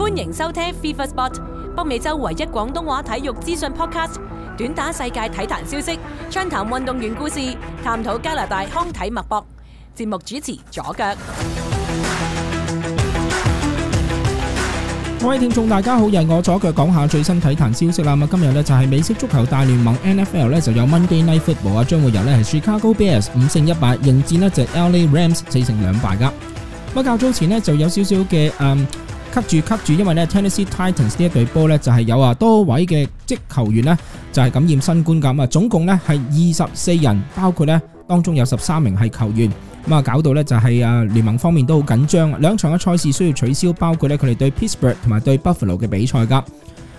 歡迎收聽 FIFA Spot，北美洲唯一廣東話體育資訊 podcast，短打世界體壇消息，暢談運動員故事，探討加拿大康體脈搏。節目主持左腳，各位聽眾大家好，又係我左腳講下最新體壇消息啦。咁今日呢，就係、是、美式足球大聯盟 NFL 呢就有 Monday Night Football 啊，將會由呢係 Chicago Bears 五勝一敗，迎戰咧就係、LA Rams 四勝兩敗噶。咁啊，較早前呢就有少少嘅誒。嗯吸住吸住，因為呢 Tennessee Titans 呢一隊波呢，就係、是、有啊多位嘅職球員呢，就係、是、感染新冠咁啊。總共呢，係二十四人，包括呢，當中有十三名係球員咁啊，搞到呢，就係、是、啊聯盟方面都好緊張啊。兩場嘅賽事需要取消，包括呢，佢哋對 Pittsburgh 同埋對 Buffalo 嘅比賽噶。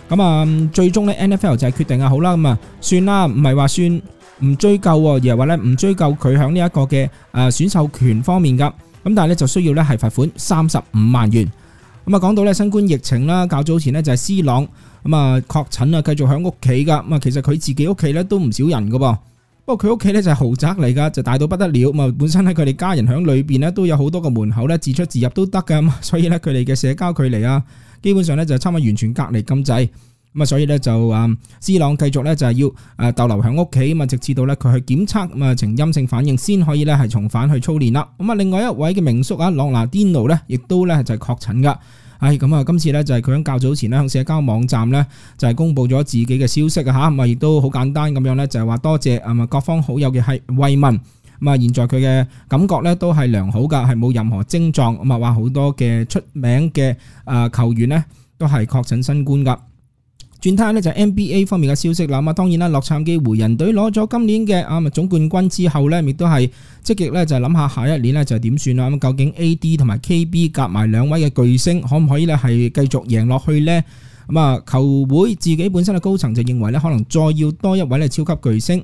咁、嗯、啊，最終呢 NFL 就係決定啊，好啦，咁、嗯、啊算啦，唔係話算唔追究，而係話呢，唔追究佢響呢一個嘅誒選秀權方面噶。咁但係呢，就需要呢，係罰款三十五萬元。咁啊，講到咧新冠疫情啦，較早前咧就係 C 朗咁啊確診啊，繼續喺屋企噶。咁啊，其實佢自己屋企咧都唔少人噶噃，不過佢屋企咧就係豪宅嚟噶，就大到不得了。咁啊，本身喺佢哋家人喺裏邊咧都有好多個門口咧自出自入都得噶，所以咧佢哋嘅社交距離啊，基本上咧就差唔多完全隔離咁滯。咁啊，所以咧就啊，C 朗繼續咧就係要啊逗留喺屋企咁啊，直至到咧佢去檢測咁啊呈陰性反應先可以咧係重返去操練啦。咁啊，另外一位嘅名宿啊，朗拿甸奴咧，亦都咧就係確診噶。唉、哎，咁啊，今次咧就係佢喺較早前咧喺社交網站咧就係公布咗自己嘅消息啊吓，咁啊亦都好簡單咁樣咧就係話多謝啊各方好友嘅係慰問咁啊。現在佢嘅感覺咧都係良好噶，係冇任何症狀咁啊。話好多嘅出名嘅啊球員咧都係確診新冠噶。轉睇呢就係，NBA 方面嘅消息啦，咁啊當然啦，洛杉磯湖人隊攞咗今年嘅啊咪總冠軍之後呢，亦都係積極呢，就諗、係、下下一年呢就點算啦。咁究竟 AD 同埋 KB 夾埋兩位嘅巨星，可唔可以呢係繼續贏落去呢？咁、嗯、啊球會自己本身嘅高層就認為呢，可能再要多一位呢，超級巨星。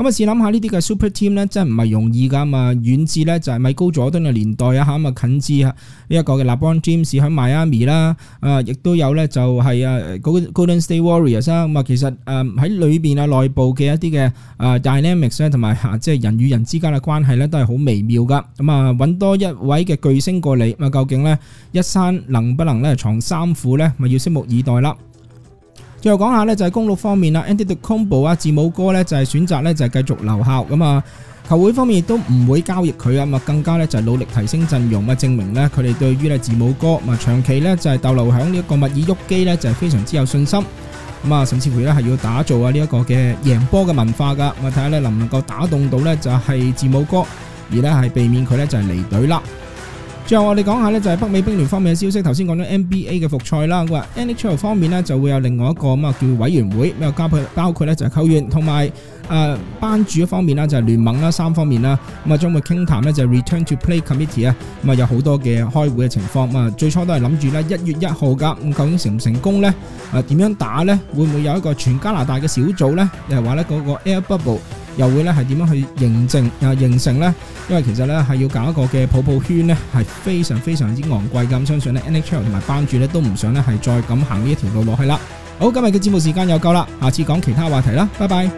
咁啊，試諗下呢啲嘅 Super Team 咧，真係唔係容易㗎嘛！遠至咧就係米高佐敦嘅年代啊，嚇咁啊近至啊呢一個嘅 LeBron James 喺邁阿密啦，啊亦都有咧就係啊嗰個 Golden State Warriors 啊，咁啊其實誒喺裏邊啊裡面內部嘅一啲嘅啊 dynamics 咧，同埋嚇即係人與人之間嘅關係咧，都係好微妙㗎。咁啊揾多一位嘅巨星過嚟，啊究竟咧一山能不能咧藏三虎咧？咪要拭目以待啦！最後講下呢就係公鹿方面啦。Andy 的 Combo 啊，字母哥呢就係選擇呢，就係繼續留校咁啊。球會方面亦都唔會交易佢啊，咁啊更加呢，就係努力提升陣容，啊證明呢，佢哋對於呢字母哥，咁啊長期呢，就係逗留響呢一個密爾沃基呢就係非常之有信心。咁啊，甚至乎呢，係要打造啊呢一個嘅贏波嘅文化噶。我睇下呢，能唔能夠打動到呢？就係字母哥，而呢，係避免佢呢，就係離隊啦。最後我哋講下呢，就係北美冰聯方面嘅消息。頭先講咗 NBA 嘅複賽啦，佢話 NHL 方面呢，就會有另外一個咁啊叫委員會，咁啊包括包括呢就係球員同埋誒班主一方面啦，就係聯盟啦，三方面啦。咁啊將會傾談呢就係 Return to Play Committee 啊，咁啊有好多嘅開會嘅情況。咁啊最初都係諗住呢，一月一號噶，咁究竟成唔成功呢？誒、呃、點樣打呢？會唔會有一個全加拿大嘅小組呢？又話呢，嗰個 Air Bubble。又會咧係點樣去認證又、呃、形成呢？因為其實呢，係要搞一個嘅泡泡圈呢係非常非常之昂貴嘅。相信呢 NHL 同埋班主呢都唔想呢係再咁行呢一條路落去啦。好，今日嘅節目時間又夠啦，下次講其他話題啦，拜拜。